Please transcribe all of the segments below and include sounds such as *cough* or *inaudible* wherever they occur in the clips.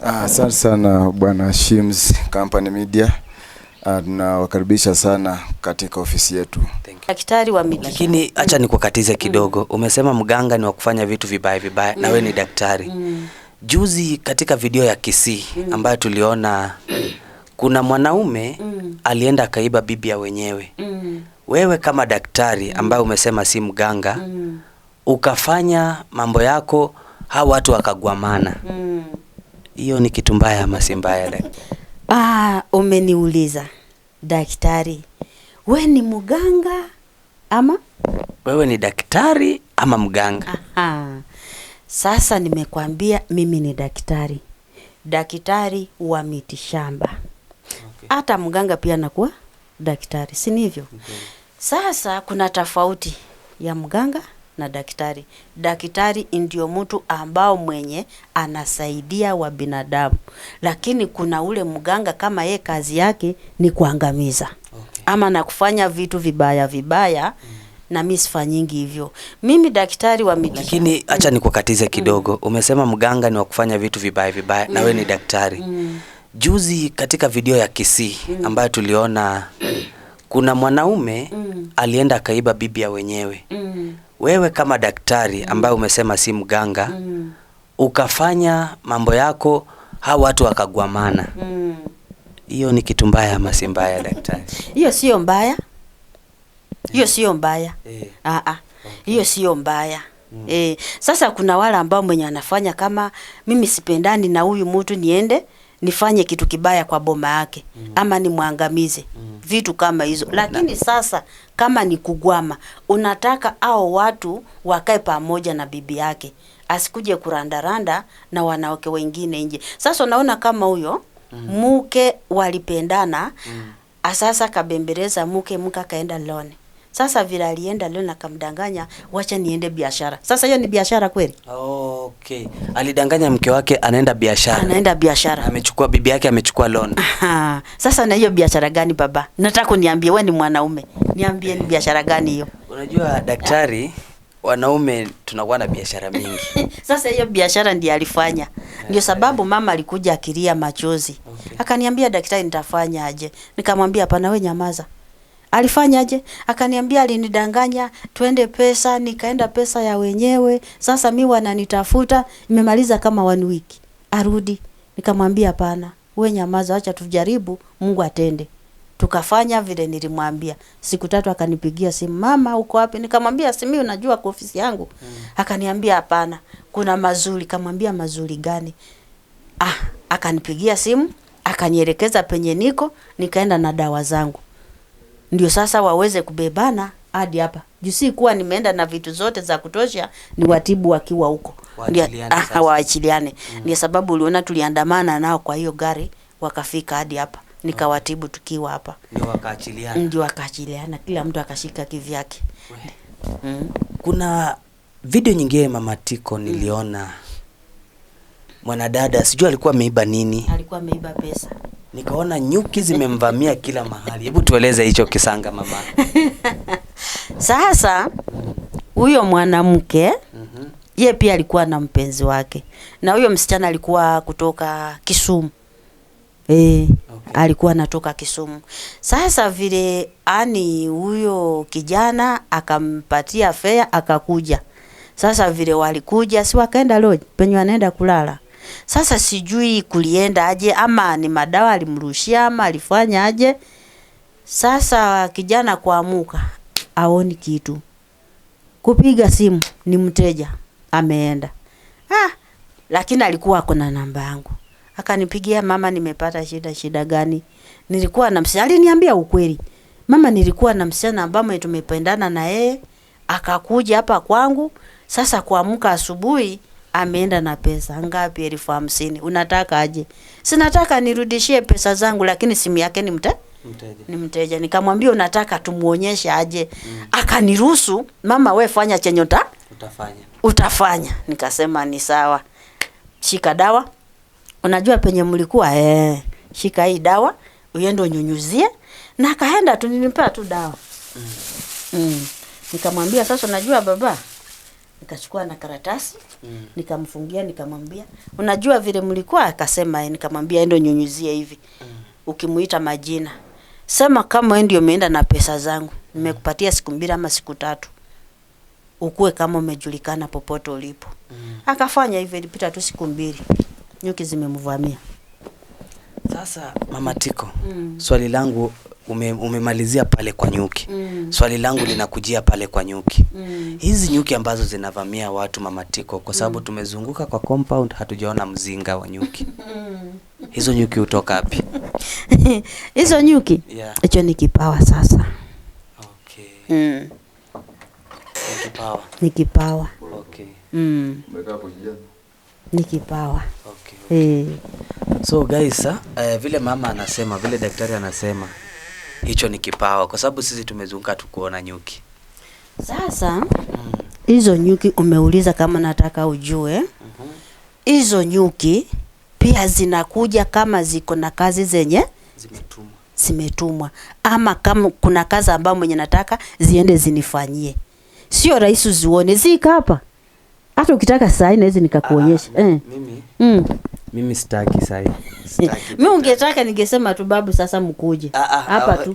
Ah, asante ah, sana bwana Shims Company Media ah, tunawakaribisha sana katika ofisi yetu. Daktari wa media. Lakini acha nikukatize kidogo mm. Umesema mganga ni wa kufanya vitu vibaya vibaya mm. na wewe ni mm. daktari mm. Juzi katika video ya Kisii mm. ambayo tuliona kuna mwanaume mm. alienda akaiba bibi ya wenyewe mm. Wewe kama daktari mm. ambaye umesema si mganga mm. ukafanya mambo yako hao watu wakagwamana mm hiyo ni kitu mbaya ama si mbaya? *laughs* Ah, umeniuliza daktari, we ni mganga ama wewe ni daktari ama mganga? Aha. Sasa nimekwambia mimi ni daktari, daktari wa shamba hata okay. Mganga pia anakuwa daktari, si hivyo Okay. Sasa kuna tofauti ya mganga na daktari. Daktari ndio mtu ambao mwenye anasaidia wa binadamu, lakini kuna ule mganga kama ye kazi yake ni kuangamiza okay. ama na kufanya vitu vibaya vibaya mm. na mimi nyingi hivyo mimi daktari wa mijini. Lakini acha nikukatize mm. kidogo mm. umesema mganga ni wa kufanya vitu vibaya vibaya mm. na we ni daktari mm. Juzi katika video ya Kisii mm. ambayo tuliona kuna mwanaume mm. alienda akaiba bibi ya wenyewe mm wewe kama daktari ambaye umesema si mganga mm. ukafanya mambo yako hao watu wakagwamana mm. hiyo mm. ni kitu mbaya ama si mbaya daktari? Hiyo sio mbaya, hiyo eh. sio mbaya eh. ah, ah. hiyo yeah. okay. sio mbaya mm. E, sasa kuna wale ambao mwenye anafanya kama mimi sipendani na huyu mtu niende nifanye kitu kibaya kwa boma yake mm -hmm. ama nimwangamize mm -hmm. vitu kama hizo mm -hmm. Lakini sasa kama ni kugwama, unataka hao watu wakae pamoja na bibi yake, asikuje kurandaranda na wanawake wengine nje. Sasa unaona kama huyo mm -hmm. muke walipendana mm -hmm. Asasa kabembeleza muke muke akaenda lone sasa vile alienda leo na kamdanganya, wacha niende biashara. Sasa hiyo ni biashara kweli? Okay. Alidanganya mke wake anaenda biashara. Anaenda biashara. Amechukua bibi yake amechukua loan. Aha. Sasa na hiyo biashara gani baba? Nataka uniambie wewe ni mwanaume. Niambie ni biashara gani hiyo? Unajua daktari, wanaume tunakuwa na biashara mingi. *laughs* Sasa hiyo biashara ndiye alifanya. Ndio sababu mama alikuja akilia machozi. Okay. Akaniambia daktari, nitafanya aje? Nikamwambia hapana, wewe nyamaza alifanyaje? Akaniambia alinidanganya, twende pesa, nikaenda pesa ya wenyewe. Sasa mi wananitafuta, imemaliza kama one week, arudi. Nikamwambia hapana, we nyamaza, acha tujaribu, Mungu atende. Tukafanya vile nilimwambia. Siku tatu akanipigia simu, mama, uko wapi? Nikamwambia simi, unajua kwa ofisi yangu mm. Akaniambia hapana, kuna mazuri. Kamwambia mazuri gani? Ah, akanipigia simu akanielekeza penye niko, nikaenda na dawa zangu ndio sasa waweze kubebana hadi hapa jusi kuwa nimeenda na vitu zote za kutosha, ni watibu wakiwa huko ah, hawaachiliane. Mm. Ndio sababu uliona tuliandamana nao kwa hiyo gari, wakafika hadi hapa nikawatibu tukiwa hapa, ndio wakaachiliana, ndio wakaachiliana, kila mtu akashika kivyake. Mm. Kuna video nyingine Mama Tiko niliona mm. mwanadada, sijui alikuwa ameiba nini, alikuwa ameiba pesa nikaona nyuki zimemvamia kila mahali. Hebu tueleze hicho kisanga mama. *laughs* Sasa huyo mwanamke mm Ye pia alikuwa na mpenzi wake, na huyo msichana alikuwa kutoka Kisumu e, okay. Alikuwa anatoka Kisumu. Sasa vile ani huyo kijana akampatia fea, akakuja. Sasa vile walikuja, si wakaenda lodge penye wanaenda kulala sasa sijui kulienda aje, ama ni madawa alimrushia ama alifanya aje. Sasa kijana kuamuka, aoni kitu, kupiga simu ni mteja ameenda. Ah, lakini alikuwa ako na namba yangu, akanipigia, mama, nimepata shida. Shida gani? Nilikuwa na msichana, aliniambia ukweli, mama, nilikuwa na msichana ambaye tumependana na yeye akakuja hapa kwangu. Sasa kuamka asubuhi ameenda na pesa ngapi? elfu hamsini. Unataka aje? Sinataka nirudishie pesa zangu, lakini simu yake ni mte mteja ni mteja. Nikamwambia unataka tumuonyeshe aje? mm. Akaniruhusu, mama, we fanya chenye uta utafanya utafanya. Nikasema ni sawa, shika dawa. Unajua penye mlikuwa eh, shika hii dawa uende unyunyuzie. Na akaenda tu, nilimpea tu dawa mm. mm. Nikamwambia sasa, unajua baba nikachukua na karatasi mm. nikamfungia nikamwambia, unajua vile mlikuwa, akasema eh, nikamwambia endo nyunyuzie hivi mm. ukimuita majina sema kama wewe ndio umeenda na pesa zangu, nimekupatia siku mbili ama siku tatu, ukue kama umejulikana popote ulipo mm. akafanya hivyo, ilipita tu siku mbili, nyuki zimemvamia. Sasa mama Tiko mm. swali langu ume, umemalizia pale kwa nyuki mm. Swali langu linakujia pale kwa nyuki mm. Hizi nyuki ambazo zinavamia watu mamatiko, kwa sababu mm. tumezunguka kwa compound hatujaona mzinga wa nyuki *laughs* mm. Hizo nyuki hutoka wapi? *laughs* hizo nyuki hicho yeah. Ni kipawa sasa. Okay. Mm. Ni kipawa. Ni kipawa. Okay. Mm. Ni kipawa. Okay, okay. Hey. Eh. So guys, uh, vile mama anasema vile daktari anasema hicho ni kipawa, kwa sababu sisi tumezunguka tukuona nyuki. Sasa mm. hizo mm. nyuki umeuliza, kama nataka ujue mm-hmm. hizo mm -hmm. nyuki pia zinakuja kama ziko na kazi zenye zimetumwa zimetumwa, ama kama kuna kazi ambayo mwenye nataka ziende zinifanyie, sio rahisi uzione zika hapa hata ukitaka sai hii naweza nikakuonyesha. Ah, eh. Mimi, mm. Mimi sitaki sai Sitaki. Mimi *laughs* ungetaka ningesema tu babu sasa mkuje. Ah, ah, Hapa tu.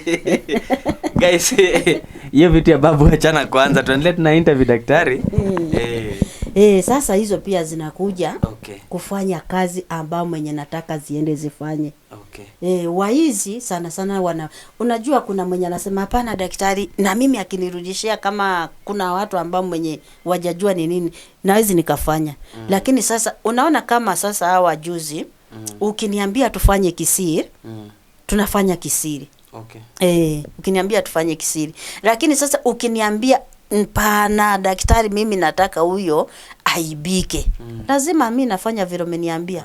*laughs* Guys, *laughs* hiyo vitu ya babu achana kwanza. Tuendelee tuna interview daktari. Eh. eh. eh sasa hizo pia zinakuja okay, kufanya kazi ambayo mwenye nataka ziende zifanye Okay. E, waizi sana sana wana unajua, kuna mwenye anasema hapana daktari, na mimi akinirudishia kama kuna watu ambao mwenye wajajua ni nini nawezi nikafanya mm. Lakini sasa unaona kama sasa hawa juzi mm. ukiniambia tufanye kisiri mm. tunafanya kisiri okay. E, ukiniambia tufanye kisiri, lakini sasa ukiniambia Mpana daktari, mimi nataka huyo aibike mm. Lazima mi nafanya vile umeniambia.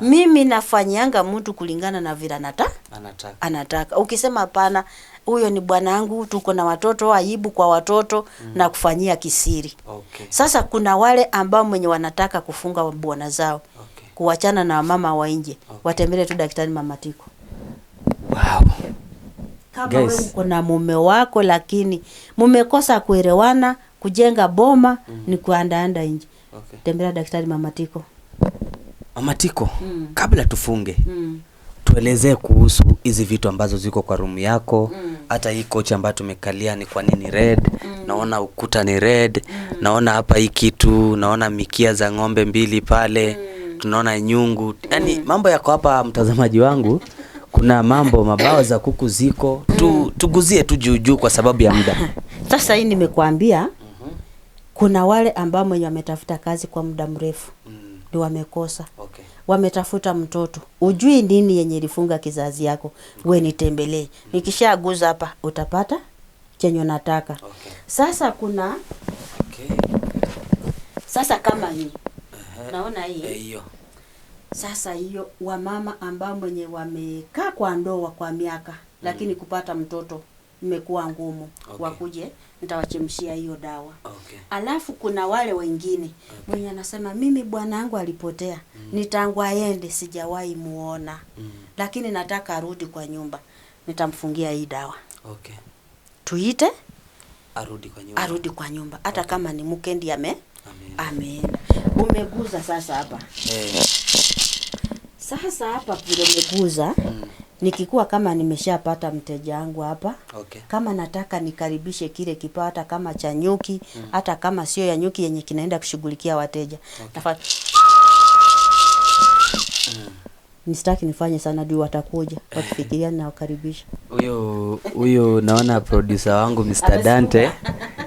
Mimi nafanyanga mtu kulingana na vile anata, anataka anataka. Ukisema hapana, huyo ni bwanangu, tuko na watoto, aibu kwa watoto mm. na kufanyia kisiri okay. Sasa kuna wale ambao mwenye wanataka kufunga bwana zao okay. kuachana na mama wa nje okay. watembele tu daktari mama Tiko. Wow. Kama wewe uko na mume wako lakini mumekosa kuelewana, kujenga boma mm. ni kuandaanda nje okay. Tembelea daktari mamatiko mamatiko mm. kabla tufunge mm. tuelezee kuhusu hizi vitu ambazo ziko kwa rumu yako mm. hata mm. hii kochi ambayo tumekalia ni kwa nini red mm. naona ukuta ni red mm. naona hapa hii kitu naona mikia za ng'ombe mbili pale mm. tunaona nyungu yaani mm. mambo yako hapa mtazamaji wangu kuna mambo mabao za kuku ziko tu, mm. tuguzie tu juujuu juu kwa sababu ya muda *laughs* sasa hii nimekuambia kuna wale ambao mwenye wametafuta kazi kwa muda mrefu mm. wamekosa okay. Wametafuta mtoto, ujui nini yenye ilifunga kizazi yako okay. We nitembelee mm. nikishaguza hapa utapata chenye nataka okay. Sasa kuna okay. Sasa kama hii uh-huh. naona hii eh, hiyo sasa hiyo wamama ambao mwenye wamekaa kwa ndoa kwa miaka mm. lakini kupata mtoto imekuwa ngumu okay. wakuje nitawachemshia hiyo dawa. Okay. Alafu kuna wale wengine okay, mwenye anasema mimi bwanangu alipotea, mm, nitangu aende, sijawahi muona, mm, lakini nataka arudi kwa nyumba, nitamfungia hii dawa. Okay. Tuite arudi kwa nyumba, arudi kwa nyumba hata okay, kama ni mkendi ame ameenda. Umeguza sasa hapa, hey. Eh. Sasa hapa vile umeguza, mm nikikuwa kama nimeshapata mteja wangu hapa okay. Kama nataka nikaribishe kile kipao hata kama cha nyuki mm. hata kama sio ya nyuki yenye kinaenda kushughulikia wateja okay. Nafa... mm. nifanye sana juu watakuja wakifikiria nawakaribisha. Huyo huyo naona producer wangu Mr. Dante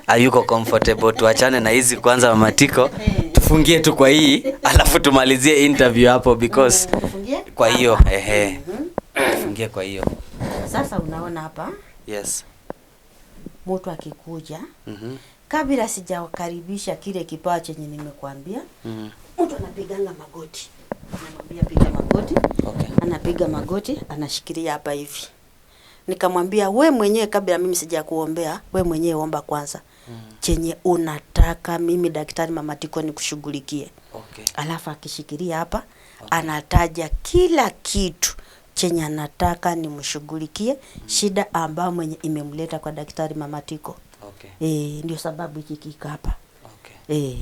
hayuko comfortable, tuachane na hizi kwanza mamatiko tufungie tu kwa hii alafu tumalizie interview hapo because kwa hiyo ah. ehe mm-hmm nifungie kwa hiyo. Sasa unaona hapa yes, mtu akikuja mm -hmm. kabla sijakaribisha kile kipawa chenye nimekwambia mm -hmm. mtu anapiganga magoti, anamwambia piga magoti okay. anapiga magoti, anashikilia hapa hivi nikamwambia we mwenyewe, kabla mimi sijakuombea we mwenyewe omba kwanza mm. chenye unataka mimi daktari Mama Tiko nikushughulikie. Okay. Alafu akishikilia hapa okay. anataja kila kitu chenye anataka nimshughulikie mm. shida ambayo mwenye imemleta kwa daktari mamatiko Okay. E, ndio sababu hiki kiko hapa. Okay. E.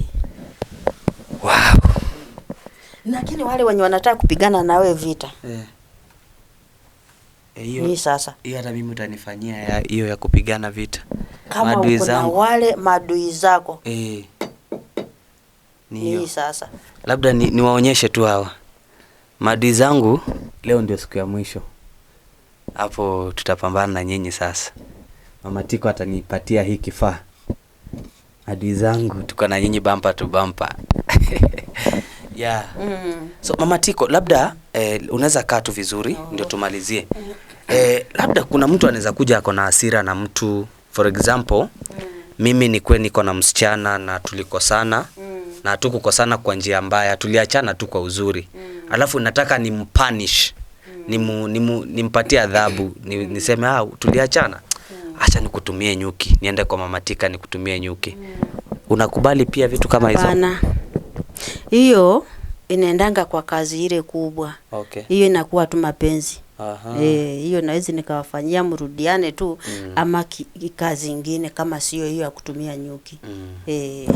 Wow. Lakini wale wenye wanataka kupigana nawe vita. yeah. E, hiyo. sasa. Hiyo hata mimi utanifanyia hiyo ya, ya kupigana vita. Kama madui zangu. wale madui zako. Eh. Ni, sasa. Labda niwaonyeshe ni tu hawa madi zangu leo ndio siku ya mwisho, hapo tutapambana na nyinyi sasa. Mama Tiko atanipatia hii kifaa. Adui zangu tuko na nyinyi bampa tu bampa *laughs* yeah. Mm. So Mama Tiko, labda eh, unaweza kaa tu vizuri oh, ndio tumalizie mm. eh, labda kuna mtu anaweza kuja ako na hasira na mtu for example mm. Mimi nikwe niko na msichana na tulikosana mm na hatukukosana kwa njia mbaya, tuliachana tu kwa uzuri mm. Alafu nataka nimpanish mm. nimu, nimpatie adhabu ni, mm. niseme ah, tuliachana mm. acha nikutumie nyuki, niende kwa mamatika nikutumie nyuki mm. Unakubali pia vitu kama hizo? hiyo inaendanga kwa kazi ile kubwa hiyo, okay. Inakuwa tu mapenzi eh, hiyo e, nawezi nikawafanyia mrudiane tu mm. ama kazi ingine kama sio hiyo ya kutumia nyuki mm. e.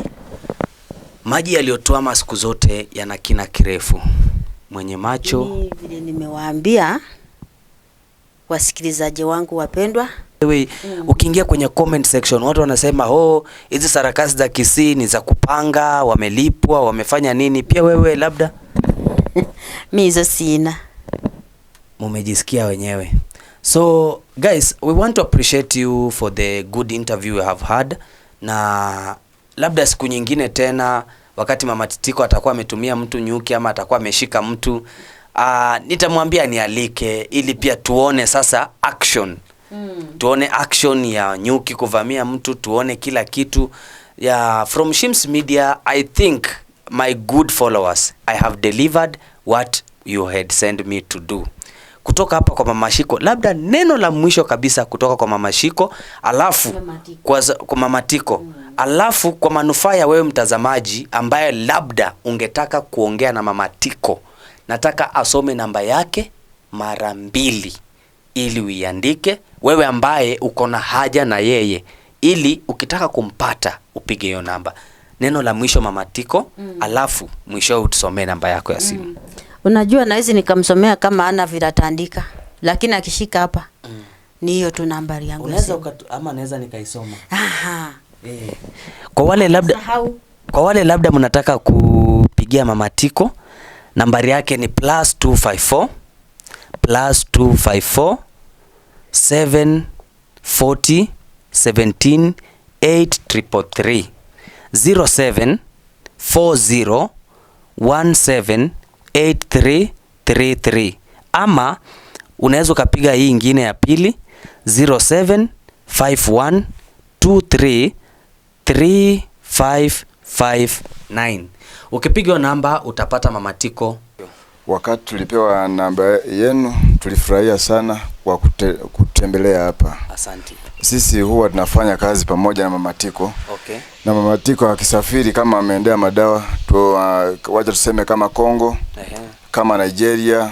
Maji yaliyotuama siku zote yana kina kirefu. Mwenye macho, vile nimewaambia wasikilizaji wangu wapendwa, wewe mm. Ukiingia kwenye comment section watu wanasema oh, hizi sarakasi za Kisii ni za kupanga, wamelipwa, wamefanya nini? Pia wewe labda mimi *laughs* hizo sina, mumejisikia wenyewe. So guys, we want to appreciate you for the good interview we have had na labda siku nyingine tena, wakati mama Titiko atakuwa ametumia mtu nyuki ama atakuwa ameshika mtu uh, nitamwambia nialike ili pia tuone sasa action mm. tuone action ya nyuki kuvamia mtu, tuone kila kitu ya from Shims Media. I think my good followers, I have delivered what you had sent me to do kutoka hapa kwa Mama Shiko, labda neno la mwisho kabisa kutoka kwa Mama Shiko alafu kwa, kwa Mama Tiko mm alafu kwa manufaa ya wewe mtazamaji ambaye labda ungetaka kuongea na Mama Tiko, nataka asome namba yake mara mbili ili uiandike, wewe ambaye uko na haja na yeye, ili ukitaka kumpata upige hiyo namba. Neno la mwisho Mama Tiko, mm. alafu mwisho utusomee namba yako ya simu. Mm. Unajua nawezi nikamsomea kama ana viratandika, lakini akishika hapa mm. ni hiyo tu nambari yangu. Unaweza ama naweza nikaisoma. Aha. Kwa wale labda Kwa wale labda mnataka kupigia mamatiko nambari yake ni plus 254 plus 254 740 17 8333 07 40 17 8333 ama unaweza ukapiga hii ingine ya pili 07 51 23 3559. Ukipigwa namba utapata mamatiko. Wakati tulipewa namba yenu tulifurahia sana kwa kute, kutembelea hapa. Asante. Sisi huwa tunafanya kazi pamoja na mamatiko Okay. Na mamatiko akisafiri kama ameendea madawa tu, uh, wacha tuseme kama Kongo, uh-huh. kama Nigeria, mm.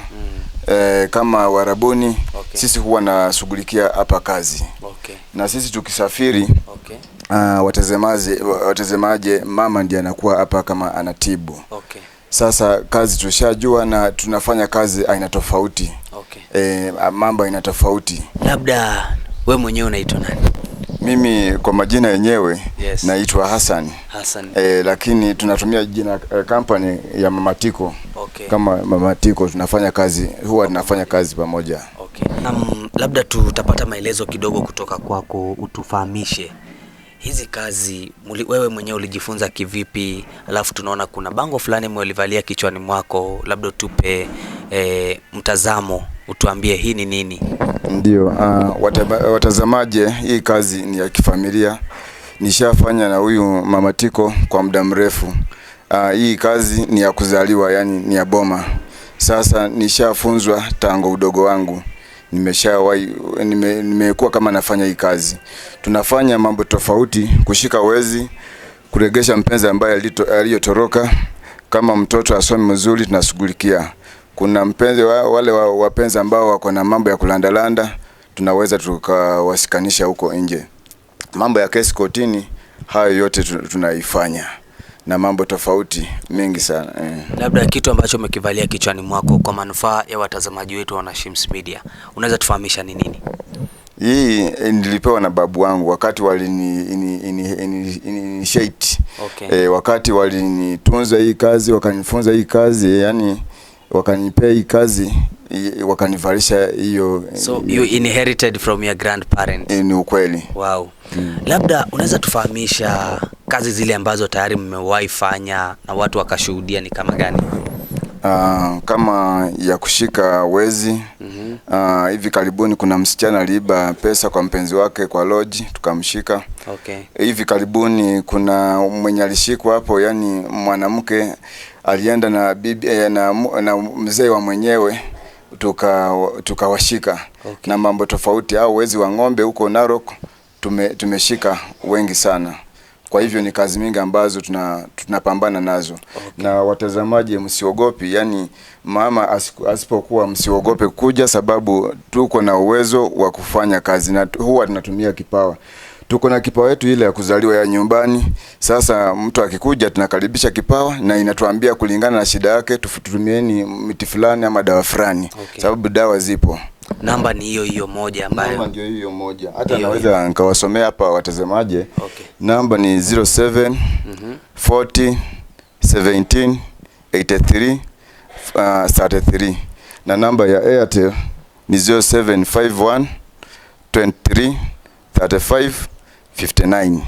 eh, kama Warabuni, okay. Sisi huwa nashughulikia hapa kazi. Okay. Na sisi tukisafiri, okay uh, watazamaji watazamaje, mama ndiye anakuwa hapa kama anatibu. Okay. Sasa kazi tushajua na tunafanya kazi aina tofauti. Okay. E, mambo aina tofauti. Labda we mwenyewe unaitwa nani? Mimi kwa majina yenyewe yes, naitwa Hassan. Hassan. E, lakini tunatumia jina uh, company ya Mamatiko. Okay. Kama Mamatiko tunafanya kazi huwa tunafanya kazi pamoja. Okay. Um, labda tutapata maelezo kidogo kutoka kwako utufahamishe hizi kazi muli, wewe mwenyewe ulijifunza kivipi? Alafu tunaona kuna bango fulani umelivalia kichwani mwako, labda tupe e, eh, mtazamo, utuambie hii ni nini? Ndio uh, watazamaje, hii kazi ni ya kifamilia, nishafanya na huyu mamatiko kwa muda mrefu. Uh, hii kazi ni ya kuzaliwa, yani ni ya boma. Sasa nishafunzwa tangu udogo wangu nimeshawahi nime, kama nafanya hii kazi. Tunafanya mambo tofauti, kushika wezi, kuregesha mpenzi ambaye aliyotoroka. Kama mtoto asomi mzuri, tunashughulikia. Kuna mpenzi wa, wale wa, wapenzi ambao wako na mambo ya kulandalanda, tunaweza tukawasikanisha huko nje. Mambo ya kesi kotini, hayo yote tunaifanya na mambo tofauti mengi sana eh. Labda kitu ambacho umekivalia kichwani mwako kwa manufaa ya watazamaji wetu wa Nashims Media, unaweza tufahamisha ni nini? Hii eh, nilipewa na babu wangu wakati walinishaiti okay. E, wakati walinitunza hii kazi wakanifunza hii kazi yani wakanipea hii kazi wakanivalisha hiyo. Eh, so you inherited from your grandparent. Ni ukweli. Wow. Mm. Labda unaweza tufahamisha kazi zile ambazo tayari mmewahi fanya na watu wakashuhudia ni kama gani? Uh, kama ya kushika wezi mm -hmm. Uh, hivi karibuni kuna msichana aliiba pesa kwa mpenzi wake kwa loji tukamshika. Okay. Hivi karibuni kuna mwenye alishikwa hapo, yani mwanamke alienda na bibi, eh, na, na mzee wa mwenyewe tukawashika tuka okay. Na mambo tofauti au wezi wa ng'ombe huko Narok tume, tumeshika wengi sana. Kwa hivyo ni kazi mingi ambazo tunapambana tuna nazo okay. Na watazamaji msiogopi, yani mama asipokuwa, msiogope kuja, sababu tuko na uwezo wa kufanya kazi na huwa tunatumia kipawa tuko na kipawa yetu ile ya kuzaliwa ya nyumbani. Sasa mtu akikuja, tunakaribisha kipawa na inatuambia kulingana na shida yake, tutumieni miti fulani ama dawa fulani okay. Sababu dawa zipo. Namba ni hiyo hiyo moja ambayo namba ndio hiyo moja. Hata naweza nikawasomea hapa watazamaje. Okay. Namba ni 07 mm -hmm. 40 17 83 uh, 33 na namba ya Airtel ni 0751 23 35 59.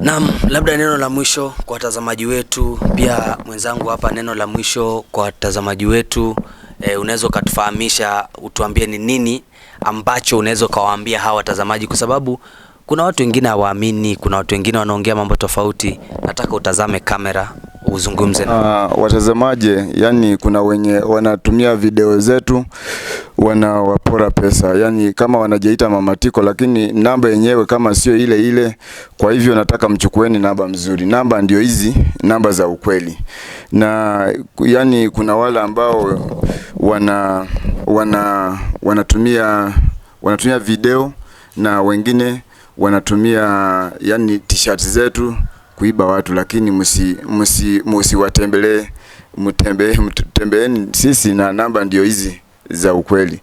Naam, labda neno la mwisho kwa watazamaji wetu, pia mwenzangu hapa, neno la mwisho kwa watazamaji wetu e, unaweza ukatufahamisha, utuambie ni nini ambacho unaweza ukawaambia hawa watazamaji, kwa sababu kuna watu wengine hawaamini, kuna watu wengine wanaongea mambo tofauti. Nataka utazame kamera uzungumze na uh, watazamaji. Yani kuna wenye wanatumia video zetu wanawapora pesa, yani kama wanajiita mamatiko, lakini namba yenyewe kama sio ile ile. Kwa hivyo nataka mchukueni namba mzuri, namba ndio hizi namba za ukweli. Na yani kuna wale ambao wana wana wanatumia wanatumia video na wengine wanatumia yani t-shirt zetu kuiba watu, lakini msiwatembelee, mtembee mtembeeni. Sisi na namba ndio hizi za ukweli.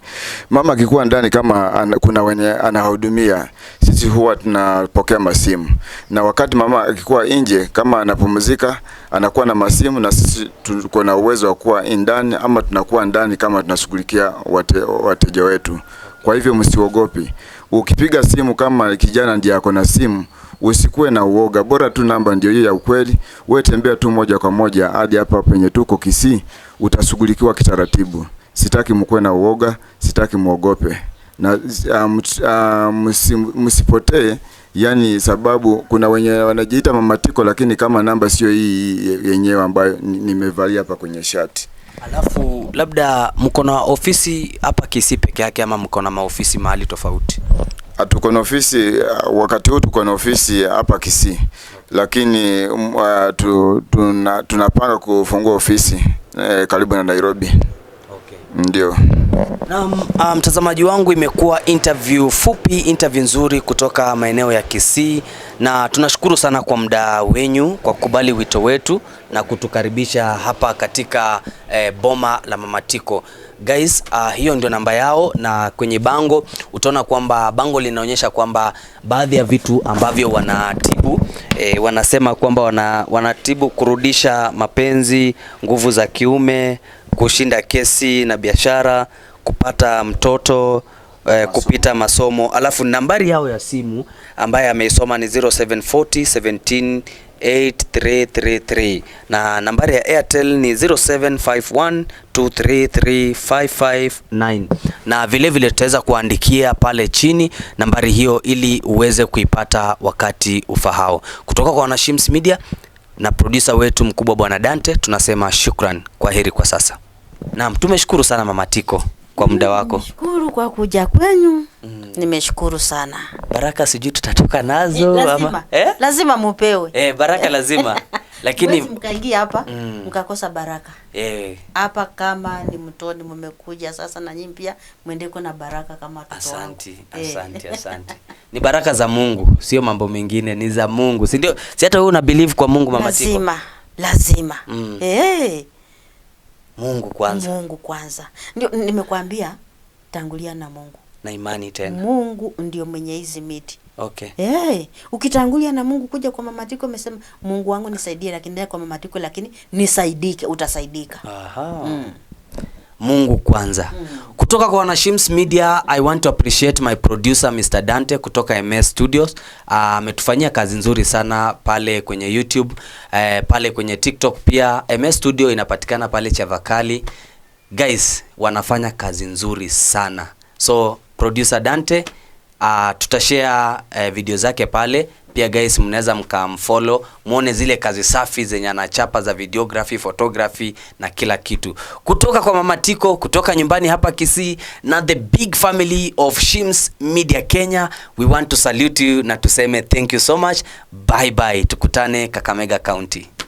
Mama akikuwa ndani kama an, kuna wenye anahudumia, sisi huwa tunapokea masimu, na wakati mama akikuwa nje kama anapumzika, anakuwa na masimu, na sisi tuko na uwezo wa kuwa ndani ama tunakuwa ndani kama tunashughulikia wate, wateja wetu. Kwa hivyo msiogopi, ukipiga simu kama kijana ndiye ako na simu Usikuwe na uoga, bora tu namba ndio hiyo ya ukweli. We tembea tu moja kwa moja hadi hapa penye tuko Kisii, utashughulikiwa kitaratibu. Sitaki mkuwe na uoga, sitaki muogope na msipotee um, um msipotee yani sababu kuna wenye wanajiita mamatiko, lakini kama namba sio hii yenyewe ambayo nimevalia hapa kwenye shati. Alafu labda mko na ofisi hapa Kisii peke yake ama mko na maofisi mahali tofauti? Ah, tuko na ofisi ah, wakati huu, tuko na ofisi hapa Kisii, lakini uh, tu, tuna, tunapanga kufungua ofisi eh, karibu na Nairobi. Ndio. um, mtazamaji wangu imekuwa interview fupi, interview nzuri kutoka maeneo ya Kisii, na tunashukuru sana kwa muda wenyu kwa kukubali wito wetu na kutukaribisha hapa katika eh, boma la Mama Tiko. Guys, uh, hiyo ndio namba yao, na kwenye bango utaona kwamba bango linaonyesha kwamba baadhi ya vitu ambavyo wanatibu e, wanasema kwamba wana, wanatibu kurudisha mapenzi, nguvu za kiume, kushinda kesi na biashara, kupata mtoto eh, masomo. kupita masomo alafu nambari yao ya simu ambaye ameisoma ni 0740 17 8333 na nambari ya Airtel ni 0751233559 na vilevile tutaweza kuandikia pale chini nambari hiyo ili uweze kuipata wakati ufahao. Kutoka kwa Wanashims Media na producer wetu mkubwa Bwana Dante tunasema shukran, kwa heri kwa sasa. Naam, tumeshukuru sana Mama Tiko kwa muda wako. Nimeshukuru kwa kuja kwenyu mm. Nimeshukuru sana. Baraka sijui tutatoka nazo eh, lazima, eh? Lazima mupewe eh, baraka lazima *laughs* lakini mkaingia hapa mm. mkakosa baraka eh. hapa eh. Kama ni mtoni mmekuja sasa, na nyinyi pia mwendeko na baraka kama watoto. Asante, asante, eh. Asante. *laughs* Ni baraka za Mungu, sio mambo mengine, ni za Mungu, si ndio? Si hata wewe una believe kwa Mungu, mama Tiko? Lazima, lazima mm. eh. Mungu kwanza, Mungu kwanza. Ndio nimekwambia tangulia na Mungu na imani tena. Mungu ndio mwenye hizi miti. Okay. Hey, eh, ukitangulia na Mungu kuja kwa Mama Tiko umesema Mungu wangu nisaidie, lakini kwa Mama Tiko, lakini nisaidike, utasaidika. Aha. Mm. Mungu kwanza. Kutoka kwa Wanashims Media, I want to appreciate my producer Mr. Dante kutoka MS Studios. Ah, ametufanyia uh, kazi nzuri sana pale kwenye YouTube, uh, pale kwenye TikTok pia. MS Studio inapatikana pale Chavakali. Guys, wanafanya kazi nzuri sana. So producer Dante Uh, tutashare uh, video zake pale pia guys, mnaweza mkamfollow muone zile kazi safi zenye anachapa za videography, photography na kila kitu kutoka kwa Mama Tiko, kutoka nyumbani hapa Kisii na the big family of Shims Media Kenya. We want to salute you na tuseme thank you so much, bye bye, tukutane Kakamega County.